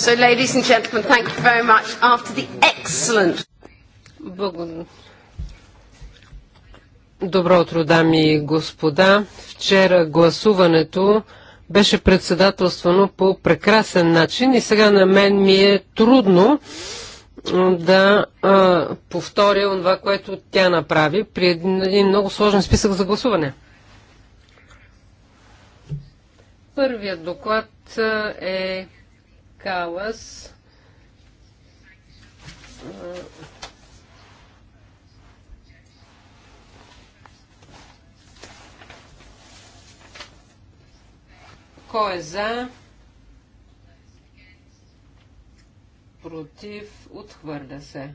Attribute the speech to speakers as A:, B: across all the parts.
A: So, ladies and gentlemen, thank you very much. After the excellent... Добро утро, дами и господа. Вчера гласуването беше председателствано по прекрасен начин и сега на мен ми е трудно да а, повторя това, което тя направи при един много сложен списък за гласуване. Първият доклад е Калас Кой е за? Против? Отхвърля се.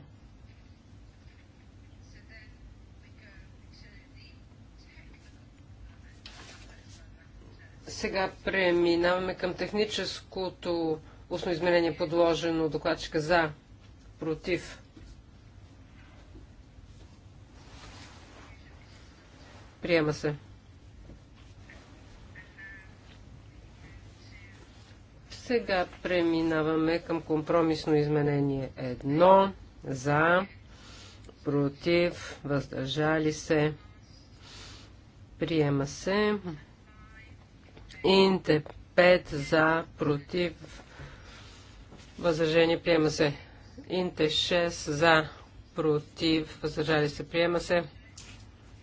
A: Сега преминаваме към техническото Устно изменение подложено докладчика за, против. Приема се. Сега преминаваме към компромисно изменение Едно. За, против, въздържали се. Приема се. Инте 5 за, против, Възражение приема се. Инте 6 за, против, Възражали се, приема се.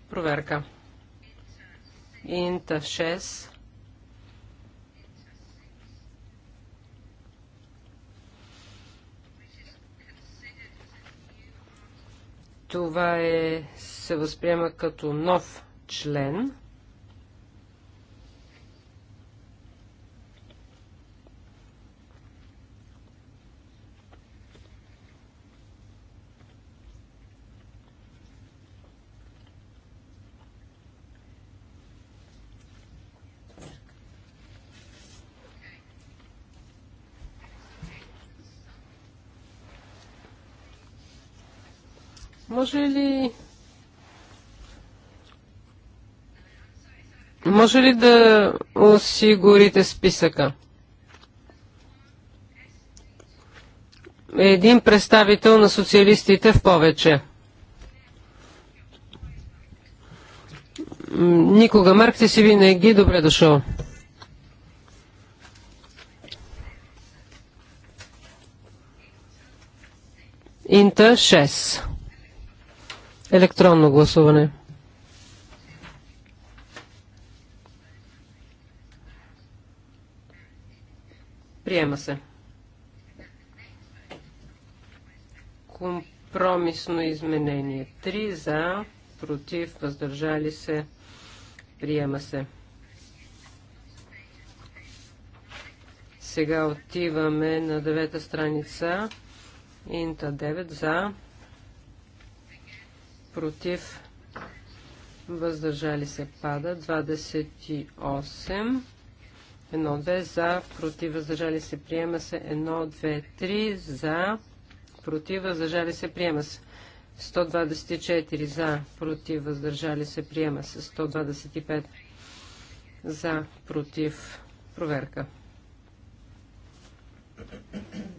A: Проверка. Инта 6. Това е, се възприема като нов член. Може ли... Може ли да осигурите списъка? Един представител на социалистите в повече. Никога Марк ти си винаги добре дошъл. Инта 6 електронно гласуване. Приема се. Компромисно изменение. 3 за, против, въздържали се. Приема се. Сега отиваме на девета страница. Инта 9 за, против, въздържали се пада, 28, 1-2 за, против, въздържали се, приема се, 1-2-3 за, против, въздържали се, приема се. 124 за, против, въздържали се, приема се. 125 за, против, проверка. Thank you.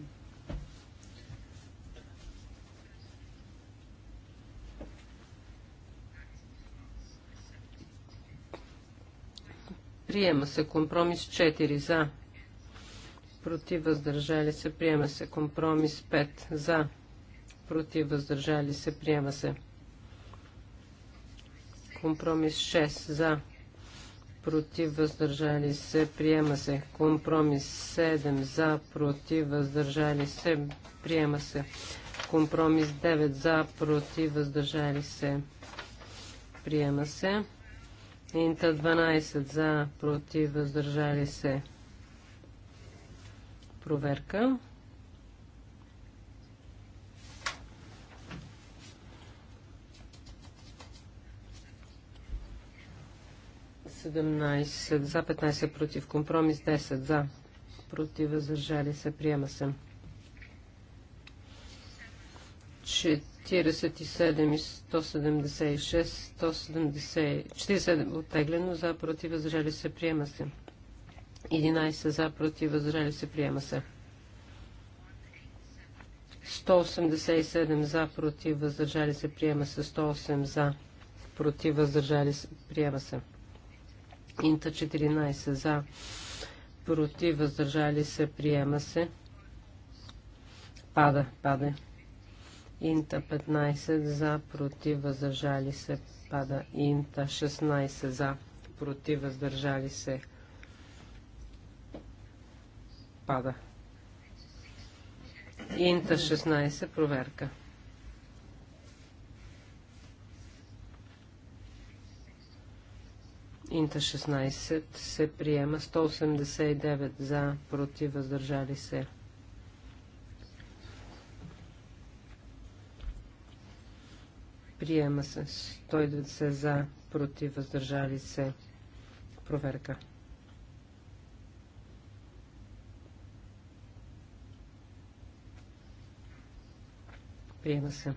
A: Приема се компромис 4 за. Против въздържали се. Приема се компромис 5 за. Против въздържали се. Приема се. Компромис 6 за. Против въздържали се. Приема се. Компромис 7 за. Против въздържали се. Приема се. Компромис 9 за. Против въздържали се. Приема се. Инта 12 за, против, въздържали се. Проверка. за, 15 против, компромис 10 за, против, въздържали се, приема се. 47 и 176, 170, оттеглено, за против възражали се, приема се. 11 за против възражали се, приема се. 187 за против въздържали се, приема се. 108 за против въздържали се, приема се. Инта 14 за против въздържали се, приема се. Пада, пада. Инта 15 за, против, въздържали се, пада. Инта 16 за, против, въздържали се, пада. Инта 16, проверка. Инта 16 се приема 189 за, против, въздържали се, пада. Приема се 190 за, против, въздържали се. Проверка. Приема се.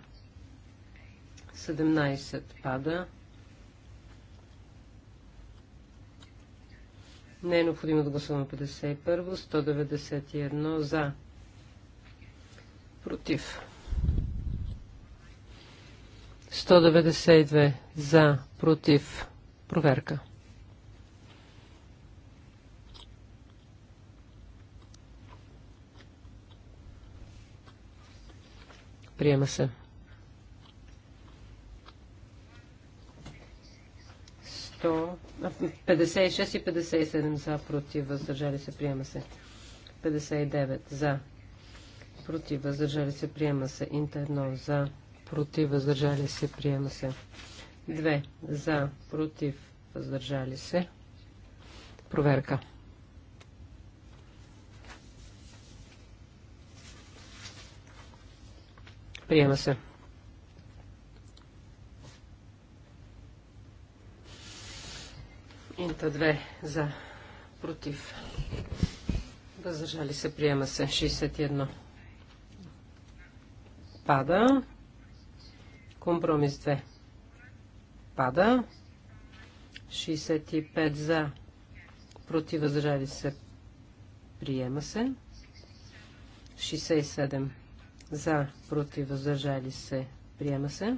A: 17 пада. Не е необходимо да гласуваме 51. 191 за. Против. 192 за, против, проверка. Приема се. 56 и 57 за, против, въздържали се, приема се. 59 за, против, въздържали се, приема се. Интерно за, против, въздържали се, приема се. 2 за, против, въздържали се. Проверка. Приема се. Инта 2 за, против, въздържали се, приема се. 61 пада. Компромис 2. Пада. 65 за. Против въздържали се. Приема се. 67 за. Против въздържали се. Приема се.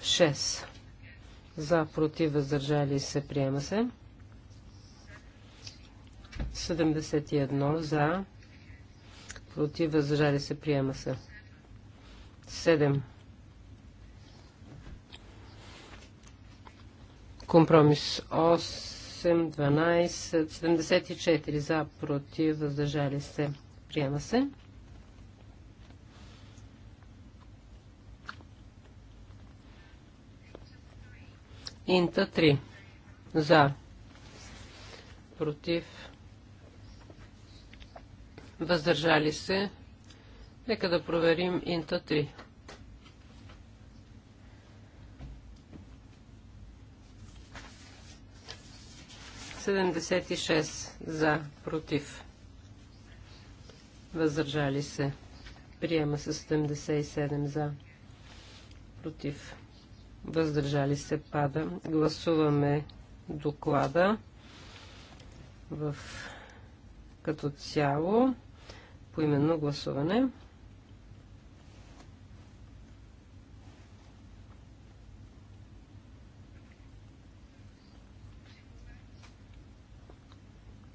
A: 6 за. Против въздържали се. Приема се. 71 за. Против въздържали се. Приема се. 7. Компромис 8, 12, 74 за, против, въздържали се. Приема се. Инта 3. За. Против. Въздържали се. Нека да проверим Инта 3. 76 за, против. Въздържали се. Приема се 77 за, против. Въздържали се. Пада. Гласуваме доклада в като цяло по именно гласуване.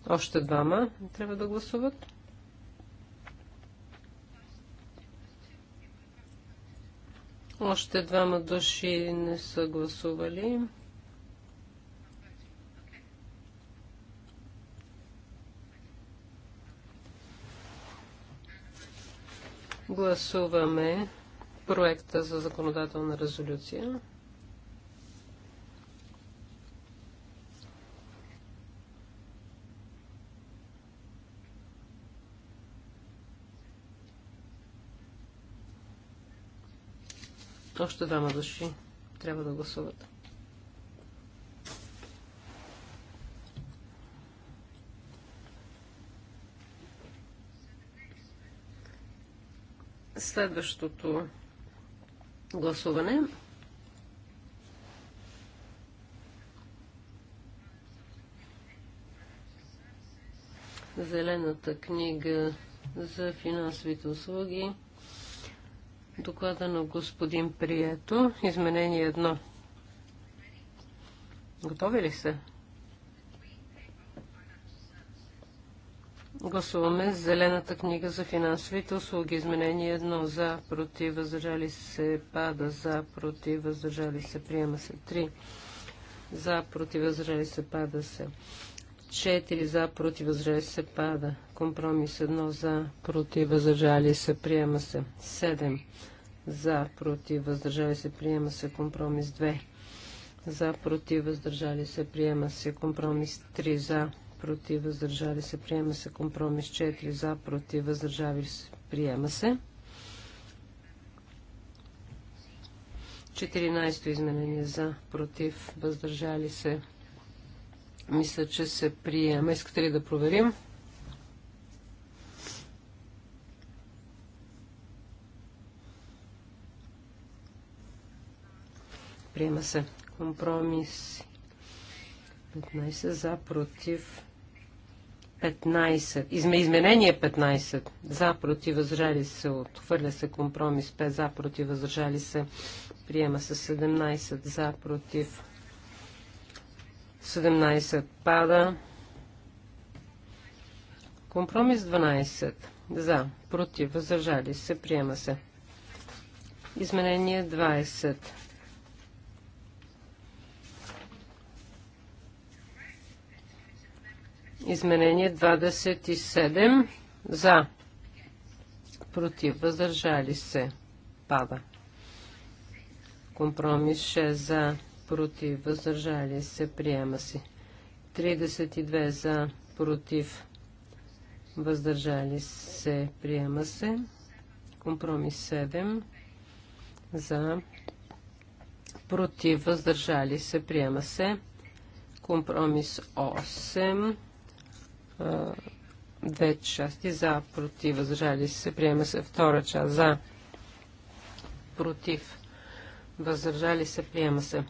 A: Още двама трябва да гласуват. Още двама души не са гласували. Гласуваме проекта за законодателна резолюция. Още двама души трябва да гласуват. Следващото гласуване Зелената книга за финансовите услуги Доклада на господин Прието. Изменение 1. Готови ли са? Гласуваме Зелената книга за финансовите услуги. Изменение 1. За, против, въздържали се, пада. За, против, въздържали се, приема се. 3. За, против, въздържали се, пада се. 4 за, против, въздържали се, пада. Компромис 1 за, против, въздържали се, приема се. 7 за, против, въздържали се, приема се. Компромис 2 за, против, въздържали се, приема се. Компромис 3 за, против, въздържали се, приема се. Компромис 4 за, против, въздържали се, приема се. 14 изменение за, против, въздържали се, приема се. Мисля, че се приема. Искате ли да проверим? Приема се. Компромис. 15 за, против. 15. Изме, изменение 15. За, против, възражали се. Отхвърля се компромис. 5 за, против, възражали се. Приема се 17. За, против. 17 пада. Компромис 12. За. Против. Въздържали се. Приема се. Изменение 20. Изменение 27. За. Против. Въздържали се. Пада. Компромис 6. За против, въздържали се, приема се. 32 за, против, въздържали се, приема се. Компромис 7 за, против, въздържали се, приема се. Компромис 8, две части за, против, въздържали се, приема се. Втора част за, против, въздържали се, приема се.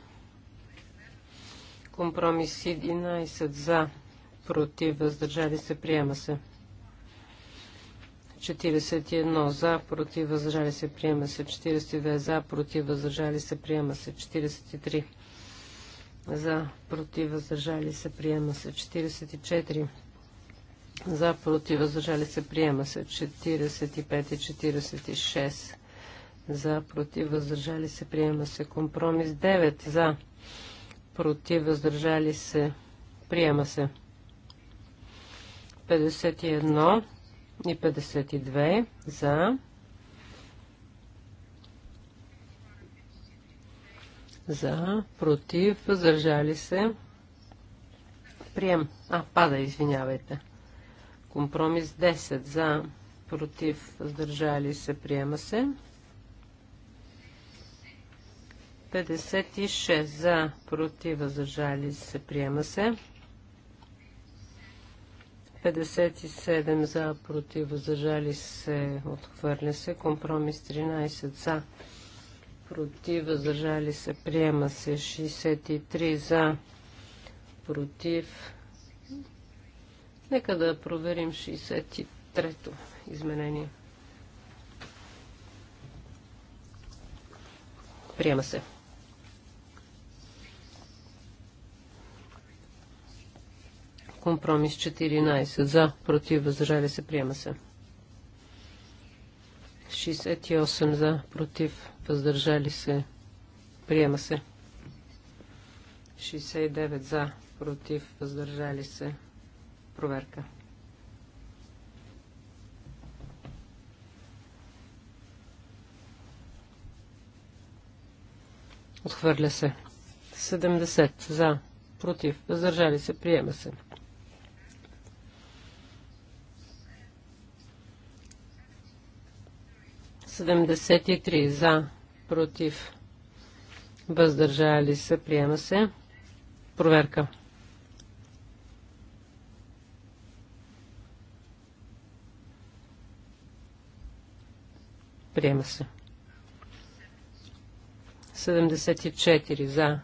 A: Компромис 11 за, против, въздържали се, приема се. 41 за, против, въздържали се, приема се. 42 за, против, въздържали се, приема се. 43 за, против, въздържали се, приема се. 44 за, против, въздържали се, приема се. 45 и 46 за, против, въздържали се, приема се. Компромис 9 за, против, въздържали се, приема се. 51 и 52 за. За, против, въздържали се. Прием. А, пада, извинявайте. Компромис 10 за, против, въздържали се, приема се. 56 за, против, въздържали се, приема се. 57 за, против, въздържали се, отхвърля се. Компромис 13 за, против, въздържали се, приема се. 63 за, против. Нека да проверим 63-то изменение. Приема се. Компромис 14. За, против, въздържали се, приема се. 68 за, против, въздържали се, приема се. 69 за, против, въздържали се, проверка. Отхвърля се. 70 за, против, въздържали се, приема се. 73 за, против, въздържали се, приема се. Проверка. Приема се. 74 за,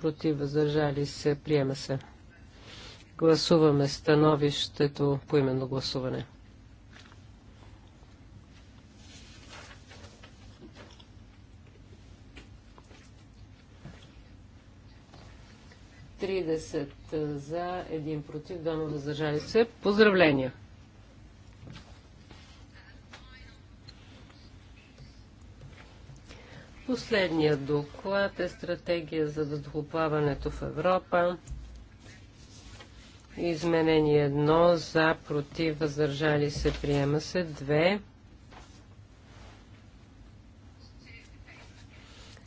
A: против, въздържали се, приема се. Гласуваме становището по именно гласуване. 30 за, 1 против, 2 въздържали се. Поздравления! Последният доклад е стратегия за въздухоплаването в Европа. Изменение 1 за, против, въздържали се, приема се 2.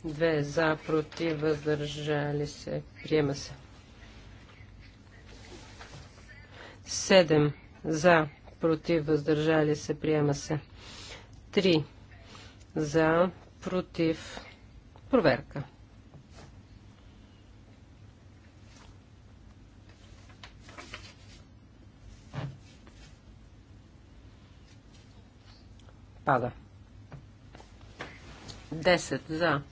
A: 2 за, против, въздържали се, приема се. 7 за, против, въздържали се, приема се. 3 за, против, проверка. Пада. 10 за,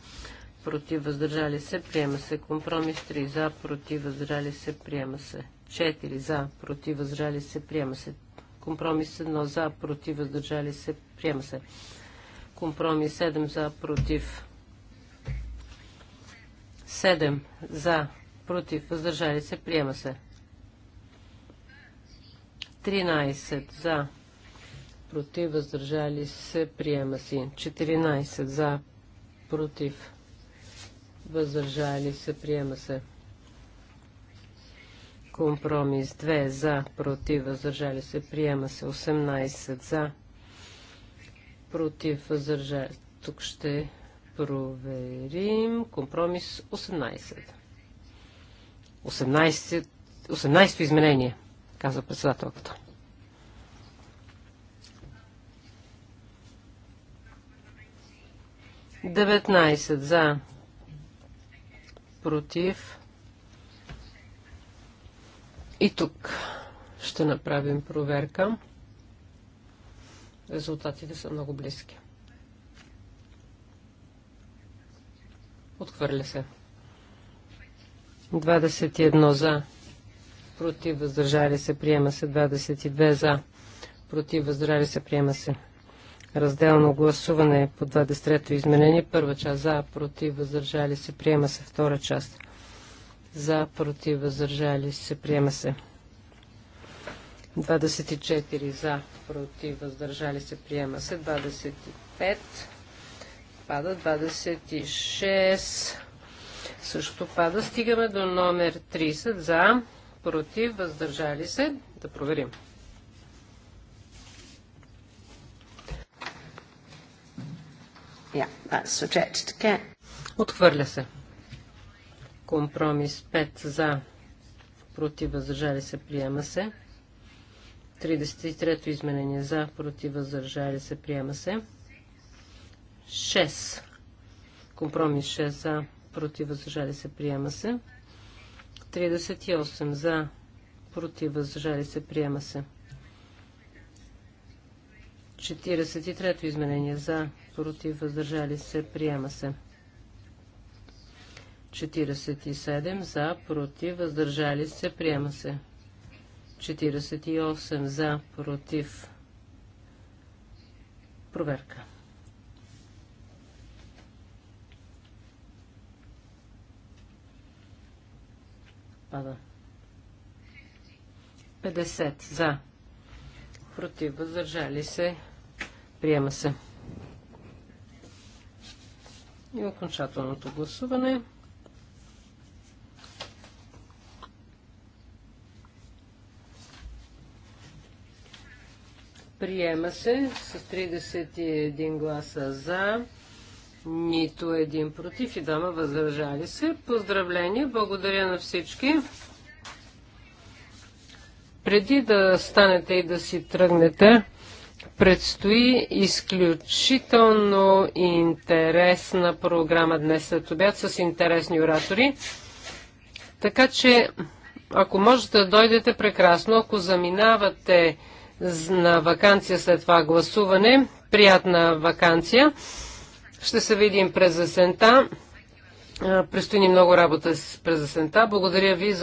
A: против, въздържали се, приема се. Компромис 3 за, против, въздържали се, приема се. 4 за, против, въздържали се, приема се. Компромис 1 за, против, въздържали се, приема се. Компромис 7 за, против. 7 за, против, въздържали се, приема се. 13 за, против, въздържали се, приема си. 14 за, против, въздържали се, приема се. Компромис 2 за, против, въздържали се, приема се. 18 за, против, въздържали. Тук ще проверим. Компромис 18. 18 18-то изменение, каза председателката. Деветнайсет за, против. И тук ще направим проверка. Резултатите са много близки. Отхвърля се. 21 за. Против въздържали се. Приема се. 22 за. Против въздържали се. Приема се разделно гласуване по 23-то изменение. Първа част за, против, въздържали се, приема се. Втора част за, против, въздържали се, приема се. 24 за, против, въздържали се, приема се. 25 пада, 26 също пада. Стигаме до номер 30 за, против, въздържали се. Да проверим. Отхвърля се. Компромис 5 за, против, въздържали се, приема се. 33-то изменение за, против, въздържали се, приема се. 6. Компромис 6 за, против, въздържали се, приема се. 38 за, против, въздържали се, приема се. 43-то изменение за, против, въздържали се, приема се. 47 за, против, въздържали се, приема се. 48 за, против. Проверка. Пада. 50 за, против, въздържали се, приема се и окончателното гласуване. Приема се с 31 гласа за, нито един против и дама въздържали се. Поздравление, благодаря на всички. Преди да станете и да си тръгнете, Предстои изключително интересна програма днес след обяд с интересни оратори. Така че, ако можете да дойдете прекрасно, ако заминавате на вакансия след това гласуване, приятна вакансия. Ще се видим през есента. предстои ни много работа през есента. Благодаря ви за